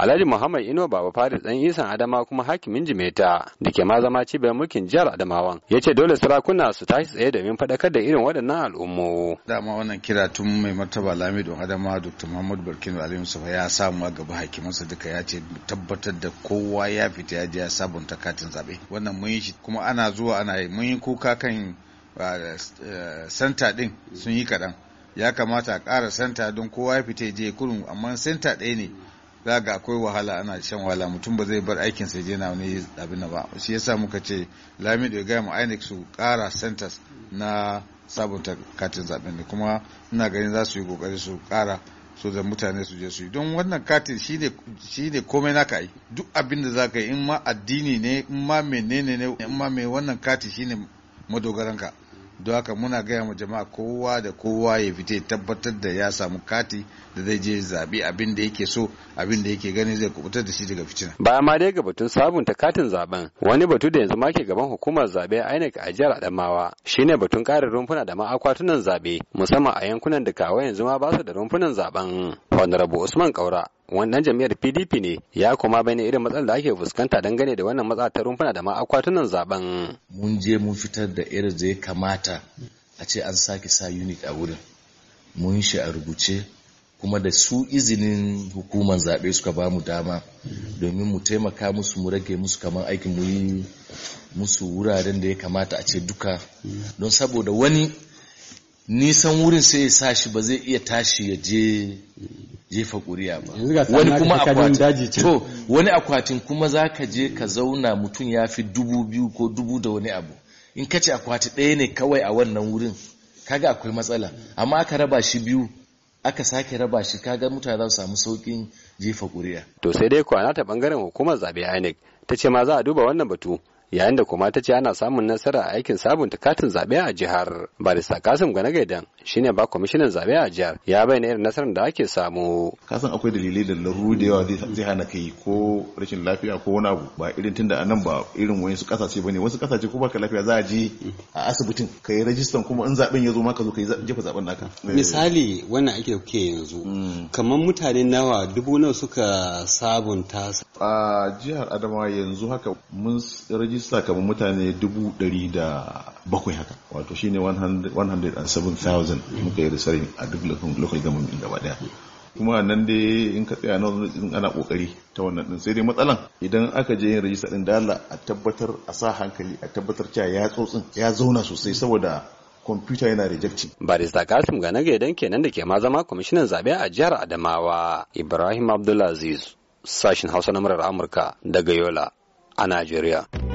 Alhaji Muhammad Ino Baba Faris dan Isan Adama kuma hakimin Jimeta da ke ma zama cibiyar mulkin jihar Adamawan ya ce dole sarakuna su tashi tsaye domin faɗakar da irin waɗannan al'ummo. Dama wannan kira tun mai martaba Lamidu Adama Dr. Muhammad Barkin Ali Mustafa ya samu a gaba hakimansa duka ya ce tabbatar da kowa ya fita ya je ya sabunta katin zabe Wannan mun yi shi kuma ana zuwa ana yi mun yi kuka kan ah, eh, santa din sun yi kaɗan. Ya kamata a ƙara santa don kowa ya fita ya je kurun amma santa ɗaya ne. za ga akwai wahala ana shan wahala mutum ba zai bar aikin sai je na wani abin ba shi yasa muka ce lamido ya gaya mu INEC su kara centers na sabunta katin zaben da kuma ina ganin za su yi kokari su kara so da mutane su je su yi don wannan katin shi ne komai naka yi duk abin da za ka yi in ma addini ne in ma menene ne in ma mai wannan katin shi ne madogaranka don haka muna gaya ma jama'a kowa da kowa ya fita ya tabbatar da ya samu kati da zai je zabi abin da yake so abin da yake gani zai kubutar da shi daga fitina ba ma dai ga batun sabunta katin zaben wani batu da yanzu ma ke gaban hukumar zabe ainihin a jihar Adamawa shine batun karin rumfuna da ma akwatunan zabe musamman a yankunan da kawai yanzu ma ba su da rumfunan zaben honorable usman kaura wannan jami'ar pdp ne ya kuma bayyana irin matsalar da ake fuskanta dangane da wannan matsa ta rumfuna da ma akwatunan zaben mun je mun fitar da irin da ya kamata a ce an sake sa unit a wurin mun shi a rubuce kuma da su izinin hukumar zaɓe suka ba mu dama domin mu taimaka musu mu rage musu kamar aikin mu yi musu wuraren da ya kamata a ce duka don saboda wani nisan wurin sai ya sa shi ba zai iya tashi ya je jefa kuriya ba wani kuma akwatin to wani akwatin kuma za ka je ka zauna mutum ya fi dubu biyu ko dubu da wani abu in ka ce akwati ɗaya ne kawai a wannan wurin kaga akwai matsala amma aka raba shi biyu aka sake raba shi kaga mutane za su samu saukin jefa kuriya. to sai dai kwana ta bangaren hukumar zabe inec ta ce ma za a duba wannan batu yayin da kuma ta ce ana samun nasara a aikin sabunta katin zaɓe a jihar barista kasim gane gaidan shine ba kwamishinan zabe a jihar ya bayyana irin nasarar da ake samu kasan akwai dalilai da laruru da yawa zai hana kai ko rashin lafiya ko wani abu ba irin tunda a nan ba irin wayansu kasashe bane wasu kasashe ko baka lafiya za a je a asibitin ka yi rajistan kuma in zaben ya zo maka zo ka yi jefa zaben naka eh. misali wannan ake kuke yanzu mm. kamar mutane nawa dubu nawa suka sabunta a jihar adamawa yanzu haka mun rajista kamar mutane dubu ɗari da bakwai haka wato shine 107,000 thousand muka yi da risarin a duk local government gaba daya kuma nan dai in ka tsaya nan ana kokari ta wannan din sai dai matsalan idan aka je yin rajista din dala a tabbatar a sa hankali a tabbatar cewa ya tsotsin ya zauna sosai saboda kwamfuta yana rejecting. Barista Kasim ga idan kenan da ke ma zama kwamishinan zaɓe a jihar Adamawa Ibrahim Abdulaziz sashin Hausa na murar Amurka daga Yola a Najeriya.